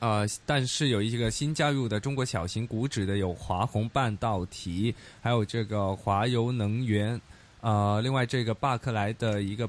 啊、呃，但是有一個新加入的中國小型股指的，有華虹半導體，還有這個華油能源，啊、呃，另外這個巴克萊的一個。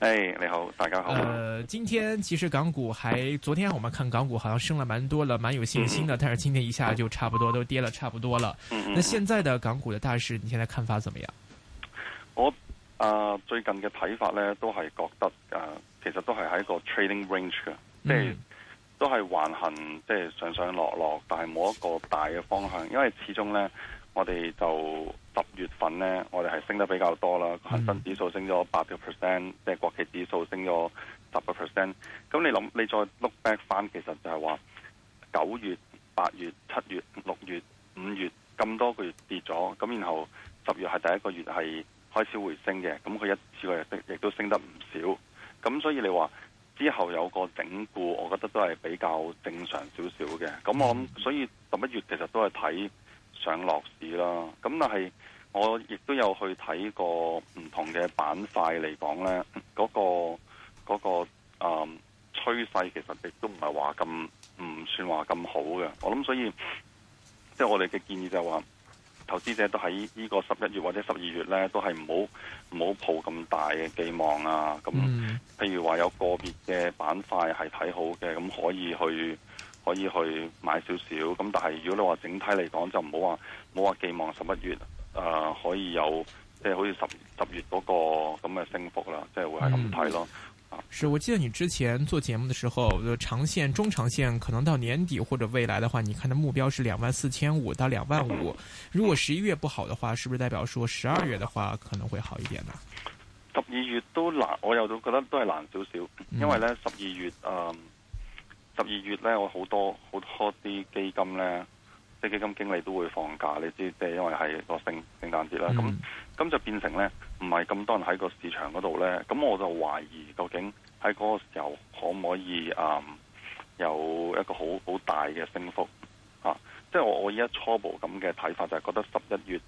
誒，hey, 你好，大家好。誒、呃，今天其實港股還，昨天我們看港股好像升了蠻多了，了蠻有信心的。但是今天一下就差不多都跌了，差不多了。嗯。那現在的港股的大市，你現在看法怎麼樣？我啊、呃，最近嘅睇法呢，都係覺得誒、呃，其實都係喺一個 trading range 嘅，即係、嗯。就是都係橫行，即係上上落落，但係冇一個大嘅方向。因為始終呢，我哋就十月份呢，我哋係升得比較多啦。恒生指數升咗八個 percent，即係國企指數升咗十個 percent。咁你諗，你再 look back 翻，其實就係話九月、八月、七月、六月、五月咁多個月跌咗，咁然後十月係第一個月係開始回升嘅，咁佢一次過亦都升得唔少。咁所以你話，之後有個整固，我覺得都係比較正常少少嘅。咁我諗，所以十一月其實都係睇上落市啦。咁但係我亦都有去睇過唔同嘅板塊嚟講呢，嗰個嗰個，誒，趨勢其實亦都唔係話咁唔算話咁好嘅。我諗所以，即係我哋嘅建議就係話，投資者都喺呢個十一月或者十二月呢，都係唔好唔好抱咁大嘅寄望啊！咁譬如話有個別嘅板塊係睇好嘅，咁可以去可以去買少少。咁但係如果你話整體嚟講，就唔好話唔好話寄望十一月誒、呃、可以有即係、就是、好似十十月嗰個咁嘅升幅啦，即、就、係、是、會係咁睇咯。是，我記得你之前做節目嘅時候，就長線、中長線可能到年底或者未來嘅話，你看的目標是兩萬四千五到兩萬五。如果十一月不好的話，是不是代表說十二月的話可能會好一點呢？十二月都難，我又都覺得都係難少少，因為呢十二月，嗯、呃，十二月呢我好多好多啲基金咧，啲基金經理都會放假，你知即係因為係個聖聖誕節啦，咁咁、嗯、就變成呢唔係咁多人喺個市場嗰度呢。咁我就懷疑究竟。喺嗰個時候可唔可以啊、嗯？有一個好好大嘅升幅啊！即係我我而家初步咁嘅睇法就係覺得十一月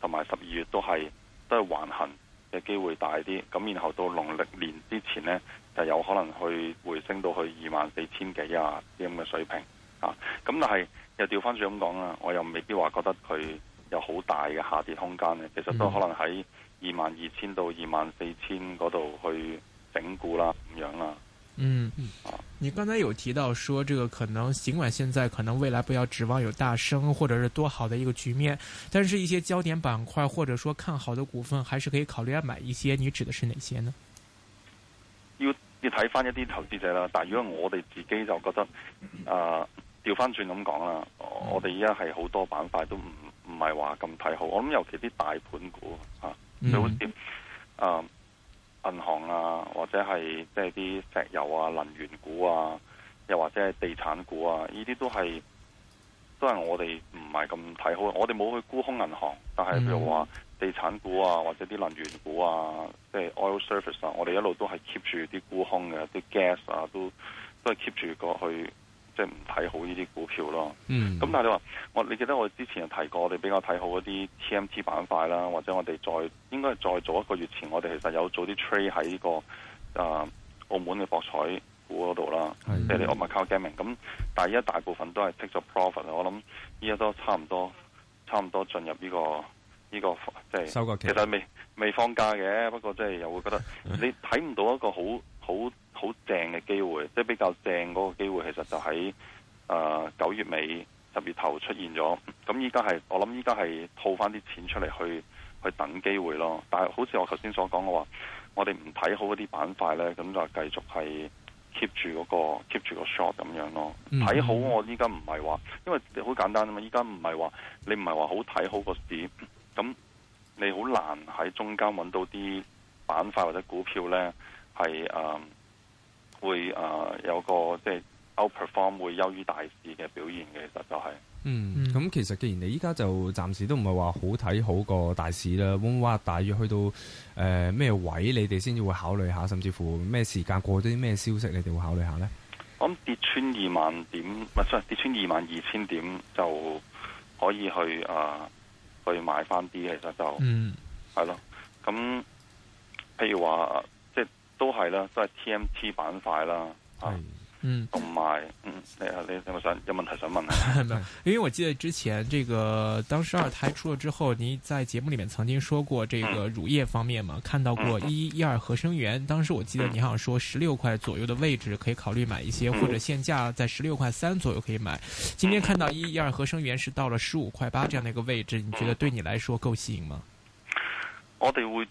同埋十二月都係都係橫行嘅機會大啲。咁然後到農曆年之前呢，就有可能去回升到去二萬四千幾啊啲咁嘅水平啊！咁但係又調翻轉咁講啦，我又未必話覺得佢有好大嘅下跌空間咧。其實都可能喺二萬二千到二萬四千嗰度去。整固啦，咁樣啦。嗯，你剛才有提到說，這個可能，儘管現在可能未來不要指望有大升，或者是多好的一個局面，但是一些焦點板塊，或者說看好的股份，還是可以考慮買一些。你指的是哪些呢？要要睇翻一啲投資者啦，但係如果我哋自己就覺得，啊、呃，調翻轉咁講啦，嗯、我哋依家係好多板塊都唔唔係話咁睇好，我諗尤其啲大盤股啊。嗯啊銀行啊，或者係即係啲石油啊、能源股啊，又或者係地產股啊，呢啲都係都係我哋唔係咁睇好。我哋冇去沽空銀行，但係譬如話地產股啊，或者啲能源股啊，即係 oil service 啊，我哋一路都係 keep 住啲沽空嘅，啲 gas 啊都都係 keep 住過去。即係唔睇好呢啲股票咯。咁、嗯、但係你話，我你記得我之前有提過，我哋比較睇好嗰啲 TMT 板塊啦，或者我哋再應該係再做一個月前，我哋其實有做啲 trade 喺呢、這個啊、呃、澳門嘅博彩股嗰度啦，嗯、即係你 online casino gaming。咁但係依家大部分都係 take 咗 profit 我諗依家都差唔多，差唔多進入呢、這個呢、這個即係。就是、收割期其實未未放假嘅，不過即係又會覺得你睇唔到一個好好。 好正嘅機會，即係比較正嗰個機會，其實就喺誒九月尾、十月頭出現咗。咁依家係我諗，依家係套翻啲錢出嚟去去等機會咯。但係好似我頭先所講嘅話，我哋唔睇好嗰啲板塊呢，咁就繼續係 keep 住嗰、嗰個 keep 住個 short 咁樣咯。睇、嗯、好我依家唔係話，因為好簡單啊嘛。依家唔係話你唔係話好睇好個市咁你好難喺中間揾到啲板塊或者股票呢，係誒。呃會誒、呃、有個即係 outperform 會優於大市嘅表現嘅，其實就係、是、嗯咁、嗯嗯、其實既然你依家就暫時都唔係話好睇好個大市啦，哇大約去到誒咩、呃、位你哋先至會考慮下，甚至乎咩時間過咗啲咩消息你哋會考慮下咧？咁跌穿二萬點咪係，係跌穿二萬二千點就可以去誒、呃、去買翻啲，其實就嗯係咯，咁、嗯、譬如話。都係啦，都係 TMT 板塊啦，啊，嗯，同埋，嗯，你啊，你有冇想有問題想問啊？ 因為我記得之前這個當時二胎出了之後，您在節目裏面曾經說過這個乳業方面嘛，看到過一一一二合生元，嗯、當時我記得你好像說十六塊左右的位置可以考慮買一些，嗯、或者現價在十六塊三左右可以買。今天看到一一二合生元是到了十五塊八這樣的一個位置，你覺得對你來說夠吸引嗎？我哋會。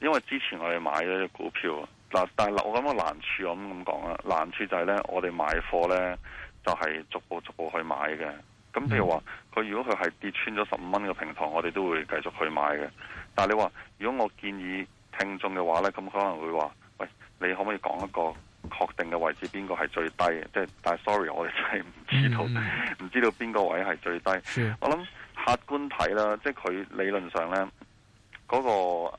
因為之前我哋買咗啲股票，嗱但係我諗個難處，我咁講啊，難處就係呢：我哋買貨呢，就係逐步逐步去買嘅。咁譬如話，佢如果佢係跌穿咗十五蚊嘅平台，我哋都會繼續去買嘅。但係你話，如果我建議聽眾嘅話呢，咁可能會話，喂，你可唔可以講一個確定嘅位置，邊個係最低？即係，但係 sorry，我哋真係唔知道，唔、嗯、 知道邊個位係最低。是我諗客觀睇啦，即係佢理論上呢嗰、嗰個。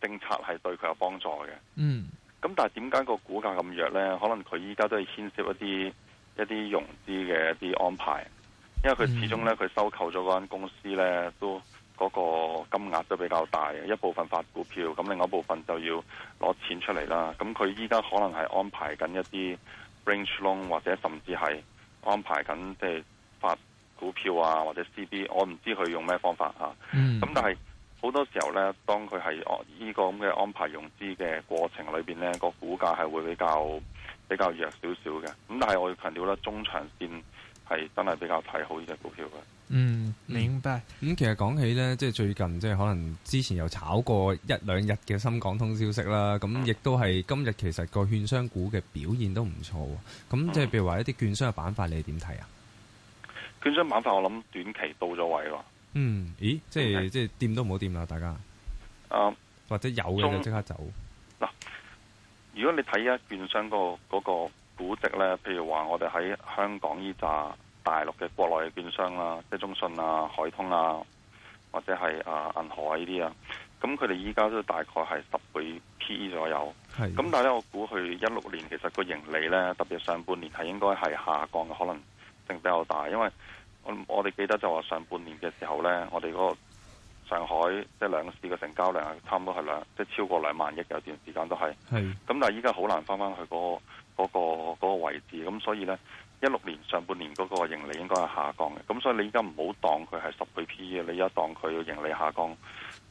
政策係對佢有幫助嘅，嗯，咁但係點解個股價咁弱呢？可能佢依家都係牽涉一啲一啲融資嘅一啲安排，因為佢始終呢，佢、嗯、收購咗嗰間公司呢，都嗰、嗰個金額都比較大，一部分發股票，咁另外一部分就要攞錢出嚟啦。咁佢依家可能係安排緊一啲 range loan 或者甚至係安排緊即係發股票啊，或者 CD 我唔知佢用咩方法嚇，咁、嗯嗯、但係。好多時候咧，當佢係呢個咁嘅安排融資嘅過程裏邊咧，個股價係會比較比較弱少少嘅。咁但係我強調啦，中長線係真係比較睇好呢隻股票嘅、嗯。嗯，明白。咁、嗯、其實講起咧，即係最近即係可能之前又炒過一兩日嘅深港通消息啦。咁亦都係今日其實個券商股嘅表現都唔錯喎。咁即係譬如話一啲券商嘅板塊，你點睇啊？券商板塊，我諗短期到咗位咯。嗯，咦，即係、嗯、即係掂都冇掂啦，大家。誒、啊，或者有嘅就即刻走。嗱、嗯，如果你睇一券商個嗰、那個估值咧，譬如話我哋喺香港呢紮大陸嘅國內嘅券商啦，即係中信啊、海通啊，或者係啊銀海河呢啲啊，咁佢哋依家都大概係十倍 PE 左右。係的。咁但係咧，我估佢一六年其實個盈利咧，特別上半年係應該係下降嘅，可能性比較大，因為。我哋記得就話上半年嘅時候呢，我哋嗰個上海即係兩市嘅成交量係差唔多係兩，即係超過兩萬億有段時間都係。咁係但係依家好難翻翻去嗰、嗰、嗰、個嗰個嗰個位置，咁所以呢，一六年上半年嗰個盈利應該係下降嘅。咁所以你依家唔好當佢係十倍 PE 嘅，你而家當佢盈利下降，誒、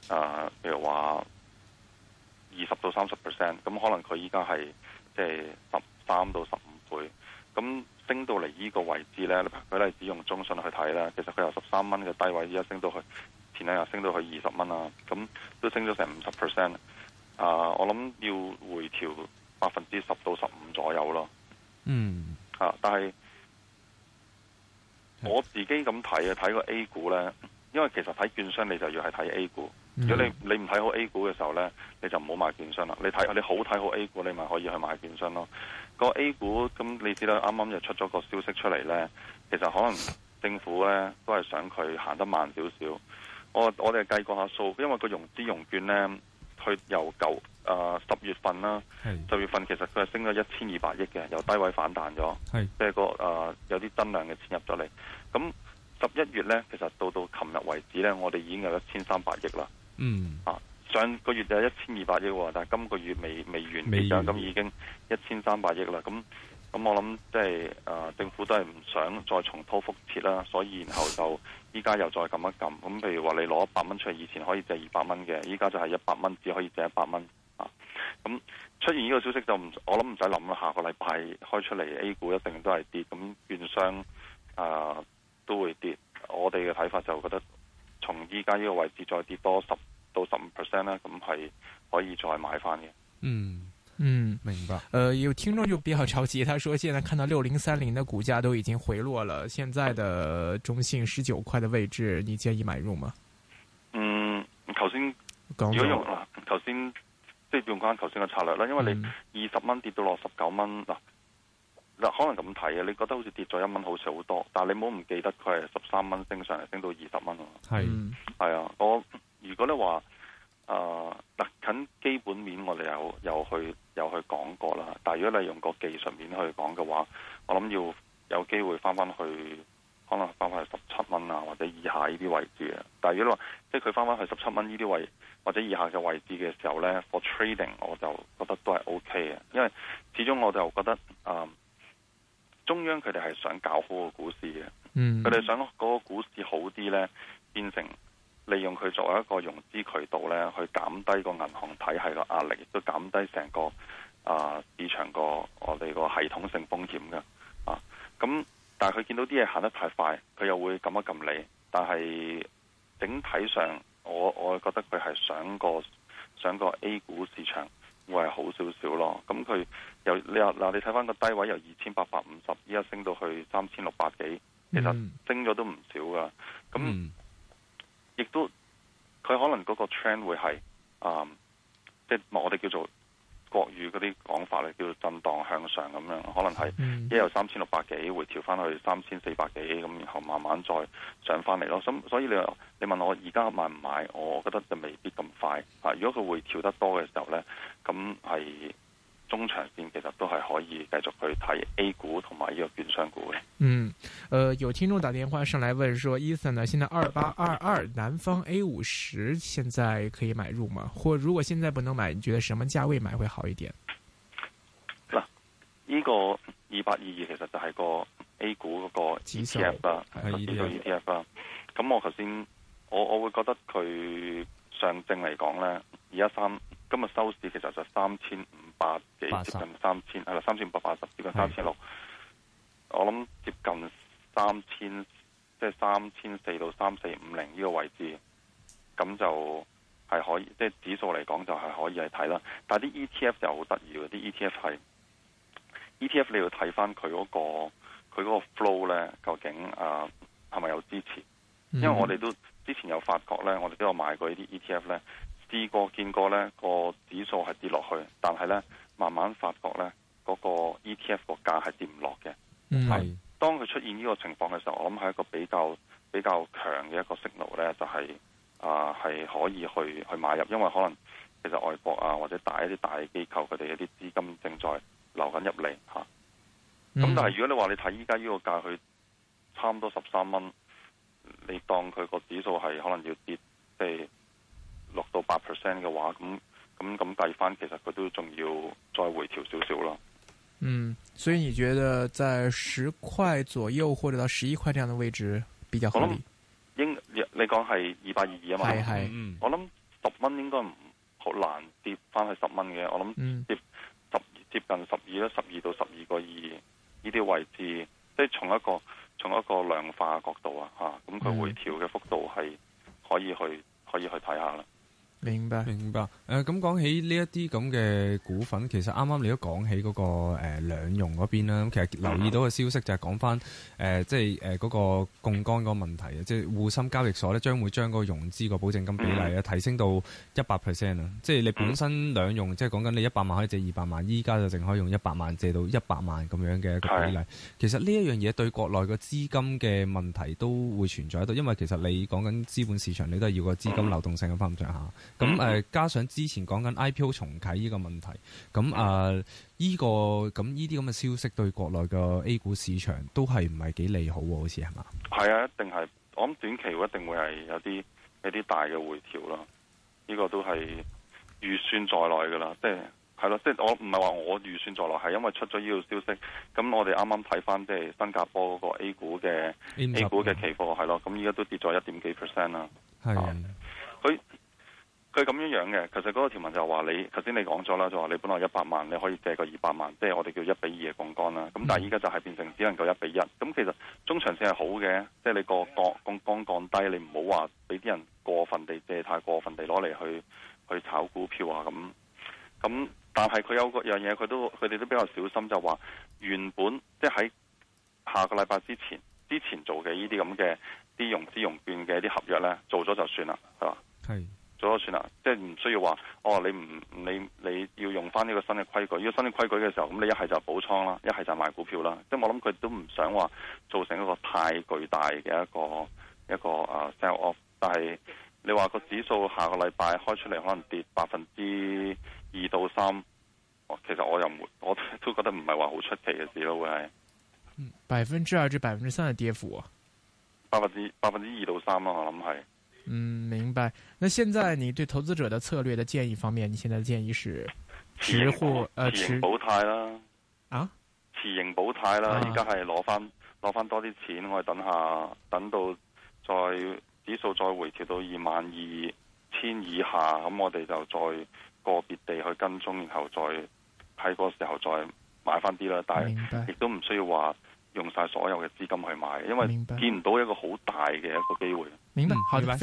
呃，譬如話二十到三十 percent，咁可能佢依家係即係十三到十五倍，咁。升到嚟呢個位置咧，佢咧只用中信去睇啦，其實佢由十三蚊嘅低位而家升到去，前兩日升到去二十蚊啦，咁都升咗成五十 percent。啊、呃，我諗要回調百分之十到十五左右咯。嗯。啊，但係我自己咁睇嘅，睇個 A 股咧，因為其實睇券商你就要係睇 A 股。如果你你唔睇好 A 股嘅時候咧，你就唔好買券商啦。你睇你好睇好 A 股，你咪可以去買券商咯。個 A 股咁，你知道啱啱又出咗個消息出嚟呢。其實可能政府呢都係想佢行得慢少少。我我哋計過下數，因為個融資融券呢，佢由九啊十月份啦，十是月份其實佢係升咗一千二百億嘅，由低位反彈咗，即係個啊有啲增量嘅錢入咗嚟。咁十一月呢，其實到到琴日為止呢，我哋已經有一千三百億啦。嗯。啊。上個月就係一千二百億，但係今個月未未完嘅，咁未完 已經一千三百億啦。咁咁我諗即係啊，政府都係唔想再重蹈覆轍啦，所以然後就依家又再撳一撳。咁譬如話你攞一百蚊出嚟，以前可以借二百蚊嘅，依家就係一百蚊只可以借一百蚊啊。咁出現呢個消息就唔，我諗唔使諗啦。下個禮拜開出嚟 A 股一定都係跌，咁券商啊、呃、都會跌。我哋嘅睇法就覺得從依家呢個位置再跌多十到十五 percent 啦，咁係可以再買翻嘅。嗯嗯，明、呃、白。誒，有聽眾就比較着急，他說：現在看到六零三零嘅股價都已經回落了，現在的中性十九塊嘅位置，你建議買入嗎？嗯，頭先講咗，如果用啊，頭先即係用翻頭先嘅策略啦。因為你二十蚊跌到落十九蚊嗱，嗱、嗯、可能咁睇啊，你覺得好似跌咗一蚊好少好多，但係你唔好唔記得佢係十三蚊升上嚟，升到二十蚊啊。係係、嗯、啊，我。如果你話，誒，嗱，近基本面我哋有有去有去講過啦。但係如果你用個技術面去講嘅話，我諗要有機會翻翻去,去，可能翻翻去十七蚊啊，或者以下呢啲位置嘅。但係如果你話，即係佢翻翻去十七蚊呢啲位或者以下嘅位置嘅時候呢 for trading 我就覺得都係 OK 嘅，因為始終我就覺得，誒、呃，中央佢哋係想搞好個股市嘅，佢哋、嗯、想嗰個股市好啲呢，變成。利用佢作為一個融資渠道咧，去減低個銀行體系嘅壓力，亦都減低成個啊、呃、市場個我哋個系統性風險嘅啊。咁但係佢見到啲嘢行得太快，佢又會撳一撳你。但係整體上，我我覺得佢係上個上個 A 股市場會係好少少咯。咁、嗯、佢由你話嗱，你睇返個低位由二千八百五十，依家升到去三千六百幾，其實升咗都唔少噶。咁、嗯那嗯亦都，佢可能嗰個 trend 會係啊，即、嗯、係、就是、我哋叫做國語嗰啲講法咧，叫做震盪向上咁樣，可能係，一有三千六百幾會調翻去三千四百幾咁然後慢慢再上翻嚟咯。咁所，所以你話，你問我而家買唔買，我覺得就未必咁快啊，如果佢會調得多嘅時候咧，咁係。中長線其實都係可以繼續去睇 A 股同埋呢個券商股嘅。嗯，誒、呃，有聽眾打電話上來問說，Ethan 呢，現在二八二二南方 A 五十現在可以買入嗎？或如果現在不能買，你覺得什麼價位買會好一點？嗱，呢個二八二二其實就係個 A 股嗰個 ETF 啦，投資嘅 ETF 啦。咁我頭先我我會覺得佢上證嚟講咧，二一三今日收市其實就三千五。接近三千，係啦，三千五百八十接近三千六。我諗接近三千，即係三千四到三四五零呢個位置，咁就係可以，即係指數嚟講就係可以係睇啦。但係啲 ETF 就好得意嘅，啲 ETF 係 ETF 你要睇翻佢嗰個佢嗰個 flow 咧，究竟啊係咪有支持？因為我哋都之前有發覺咧，我哋都有買過呢啲 ETF 咧，試過見過咧個指數係跌落去，但係咧。慢慢發覺呢嗰，那個 ETF 個價係跌唔落嘅。係、嗯、當佢出現呢個情況嘅時候，我諗係一個比較比較強嘅一個 signal 呢，就係啊係可以去去買入，因為可能其實外國啊或者大一啲大機構佢哋一啲資金正在流緊入嚟嚇。咁、啊嗯、但係如果你話你睇依家呢個價佢差唔多十三蚊，你當佢個指數係可能要跌，即係六到八 percent 嘅話咁。咁咁計翻，其實佢都仲要再回調少少咯。嗯，所以你覺得在十塊左右或者到十一塊這樣的位置比較合理？應你講係二百二二啊嘛。係係。我諗十蚊應該唔好難跌翻去十蚊嘅。我諗跌十接近十二啦，十二到十二個二呢啲位置，即係從一個從一個量化角度啊，吓咁佢回調嘅幅度係可以去、嗯、可以去睇下啦。明白，明白、嗯。誒、嗯，咁講起呢一啲咁嘅股份，其實啱啱你都講起嗰、那個誒、呃、兩融嗰邊啦。咁其實留意到嘅消息就係講翻誒、呃，即係誒嗰個槓桿嗰個問題啊，即係滬深交易所咧將會將嗰個融資個保證金比例啊提升到一百 percent 啊，即係你本身兩融即係講緊你一百萬可以借二百萬，依家就淨可以用一百萬借到一百萬咁樣嘅一個比例。的其實呢一樣嘢對國內個資金嘅問題都會存在喺度，因為其實你講緊資本市場，你都係要個資金流動性嘅翻上下。咁誒，嗯、加上之前講緊 IPO 重啟呢個問題，咁啊，依、呃這個咁依啲咁嘅消息對國內嘅 A 股市場都係唔係幾利好喎？好似係嘛？係啊，一定係。我諗短期一定會係有啲有啲大嘅回調咯。呢、這個都係預算在內嘅啦。即係係咯，即係我唔係話我預算在內，係因為出咗呢個消息，咁我哋啱啱睇翻即係新加坡嗰個 A 股嘅 A 股嘅期貨係咯，咁依家都跌咗一點幾 percent 啦。係佢。的佢咁樣樣嘅，其實嗰個條文就係話你頭先你講咗啦，就話你本來一百萬，你可以借個二百萬，即係我哋叫一比二嘅槓杆啦。咁但係依家就係變成只能夠一比一。咁其實中長線係好嘅，即係你個槓杆降,降低，你唔好話俾啲人過分地借太，太過分地攞嚟去去炒股票啊咁。咁但係佢有個樣嘢，佢都佢哋都比較小心，就話、是、原本即係喺下個禮拜之前之前做嘅呢啲咁嘅啲融資融券嘅啲合約呢，做咗就算啦，係嘛？係。做咗算啦，即係唔需要話，哦，你唔你你要用翻呢個新嘅規矩。如果新嘅規矩嘅時候，咁你一係就補倉啦，一係就賣股票啦。即係我諗佢都唔想話造成一個太巨大嘅一個一個啊 sell off。但係你話個指數下個禮拜開出嚟可能跌百分之二到三，其實我又唔我都覺得唔係話好出奇嘅事咯，會係百分之二至百分之三嘅跌幅啊，百分之百分之二到三啦，我諗係。嗯，明白。那現在你對投資者的策略的建議方面，你現在的建議是持，呃、持貨，持盈保泰啦。啊？持盈保泰啦，而家係攞翻攞翻多啲錢，我哋等下等到再指數再回調到二萬二千以下，咁我哋就再個別地去跟蹤，然後再喺嗰時候再買翻啲啦。明白。但係亦都唔需要話用晒所有嘅資金去買，因為見唔到一個好大嘅一個機會。明白，明白。明白。